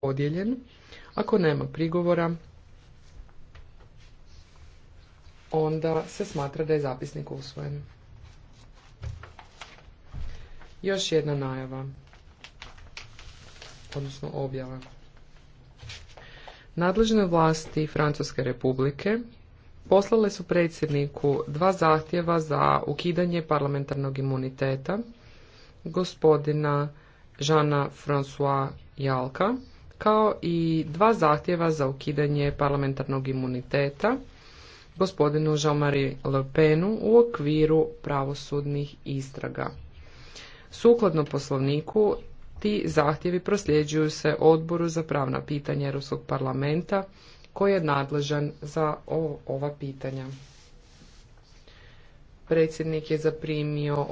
podijeljen. Ako nema prigovora, onda se smatra da je zapisnik usvojen. Još jedna najava, odnosno objava. Nadležne vlasti Francuske republike poslale su predsjedniku dva zahtjeva za ukidanje parlamentarnog imuniteta gospodina Žana François Jalka kao i dva zahtjeva za ukidanje parlamentarnog imuniteta gospodinu Jean-Marie Le Penu u okviru pravosudnih istraga. Sukladno poslovniku, ti zahtjevi prosljeđuju se odboru za pravna pitanja Europskog parlamenta koji je nadležan za ova pitanja. Predsjednik je zaprimio